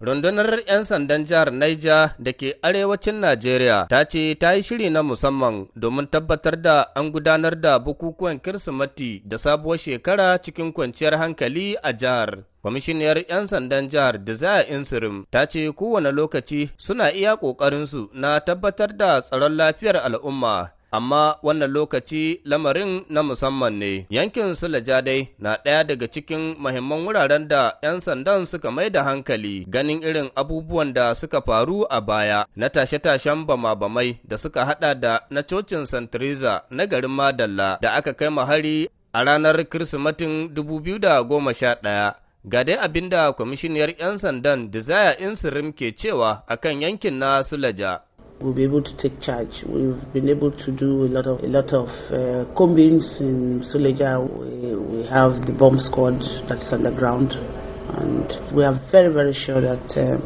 Rundunar 'yan sandan jihar Niger da ke arewacin Najeriya ta ce ta yi shiri na musamman domin tabbatar da an gudanar da bukukuwan Kirsimeti da sabuwar shekara cikin kwanciyar hankali a jihar. Kwamishiniyar 'yan sandan jihar Desire Insirim ta ce kowane lokaci suna iya ƙoƙarinsu na tabbatar da tsaron lafiyar al'umma amma wannan lokaci lamarin na musamman ne. Yankin Sulaja dai na ɗaya daga cikin mahimman wuraren da 'yan sandan suka mai da hankali ganin irin abubuwan da suka faru a baya na tashe-tashen bama-bamai da suka hada da na cocin santiriza na garin Madalla da aka kai mahari a ranar Kirsimatin 2011. Ga dai abinda da kwamishiniyar 'yan sandan Desire Insirim ke cewa akan yankin na Sulaja. we'll be able to take charge. We've been able to do a lot of a lot of uh, combings in Suleja. We, we have the bomb squad that's underground, and we are very very sure that uh,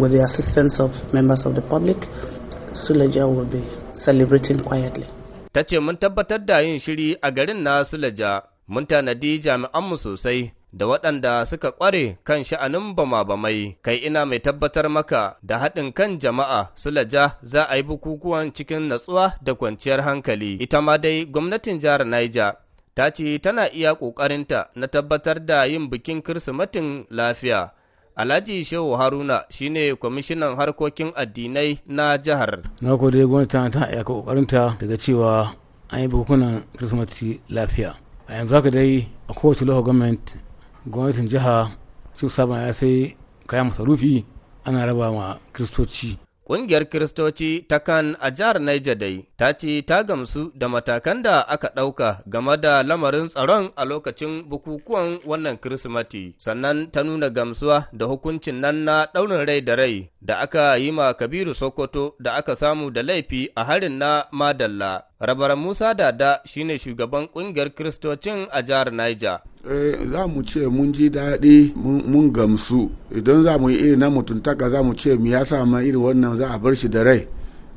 with the assistance of members of the public, Suleja will be celebrating quietly. Tachi mun tabbatar da yin shiri a garin na Suleja, mun tanadi sosai da waɗanda suka ƙware kan sha'anin bama-bamai, kai ina mai tabbatar maka da haɗin kan jama'a sulaja za a yi bukukuwan cikin natsuwa da kwanciyar hankali. Ita ma dai gwamnatin jihar Niger ta ce tana iya ƙoƙarinta na tabbatar da yin bikin Kirsimetin lafiya. Alhaji Shehu Haruna shine kwamishinan harkokin addinai na jihar. Na gode gwamnati ta iya ƙoƙarinta daga cewa an yi bukukunan Kirsimeti lafiya. A yanzu haka dai a kowace local government gwamnatin jiha su saba ya sai kayan masarufi ana raba ma kiristoci Ƙungiyar Kiristoci ta kan a jihar Niger dai ta ce ta gamsu da matakan da aka ɗauka game da lamarin tsaron a lokacin bukukuwan wannan Kirsimati, sannan ta nuna gamsuwa da hukuncin nan na ɗaurin rai da rai da aka yi ma Kabiru Sokoto da aka samu da laifi a harin na Madalla. Rabaran Musa Dada shi ne shugaban kungiyar Kiristocin a jihar Niger. Eh, za mu ce mun ji daɗi mun gamsu idan za mu yi irin na mutuntaka za mu ce mu ya ma irin wannan za a bar shi da rai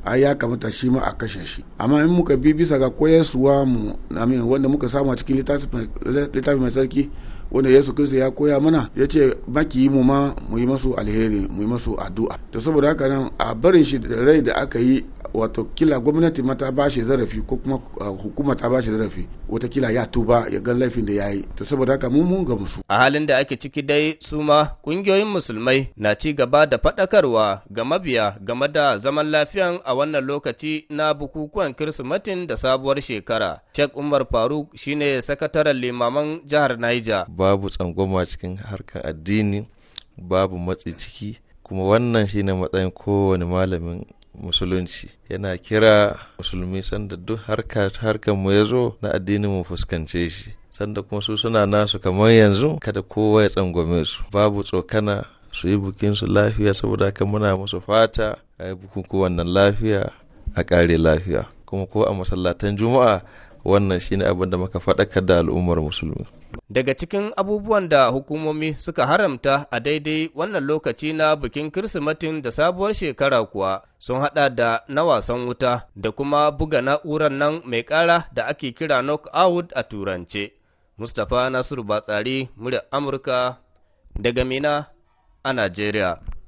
ai ya kamata shi ma a kashe shi amma in muka bi bisa ga koyarsuwa mu wanda muka samu a cikin littafin mai sarki wanda Yesu Kiristi ya koya mana ya ce baki yi mu ma mu yi masu alheri mu yi masu addu'a to saboda haka nan a barin shi da rai da aka yi wato kila gwamnati mata ba bashi zarafi ko kuma uh, hukuma ta bashi zarafi watakila ya tuba ya ga laifin da ya yi to saboda haka mun mun ga musu a halin da ake ciki dai su ma kungiyoyin musulmai na ci gaba da faɗakarwa ga mabiya game da zaman lafiyan a wannan lokaci na bukukuwan kirsimatin da sabuwar shekara Sheikh Umar Faruk shine sakataren limaman jihar Niger babu tsangwama cikin harkar addini babu matsi ciki kuma wannan shine matsayin kowane malamin musulunci yana kira musulmi sanda duk harka harkan mu ya zo na addini mu fuskance shi sanda kuma su suna nasu kamar yanzu kada kowa ya tsangwame su babu tsokana su yi bukin su lafiya saboda haka muna musu fata a yi bukukuwan nan lafiya a kare lafiya kuma ko a masallatan juma'a wannan shine abin da muka faɗakar da al'ummar musulmi daga cikin abubuwan da hukumomi suka haramta a daidai wannan lokaci na bikin kirsimatin da sabuwar shekara kuwa sun haɗa da na wasan wuta da kuma buga na'urar nan mai ƙara da ake kira knockout a turance mustapha nasiru batsari murya amurka daga mina a najeriya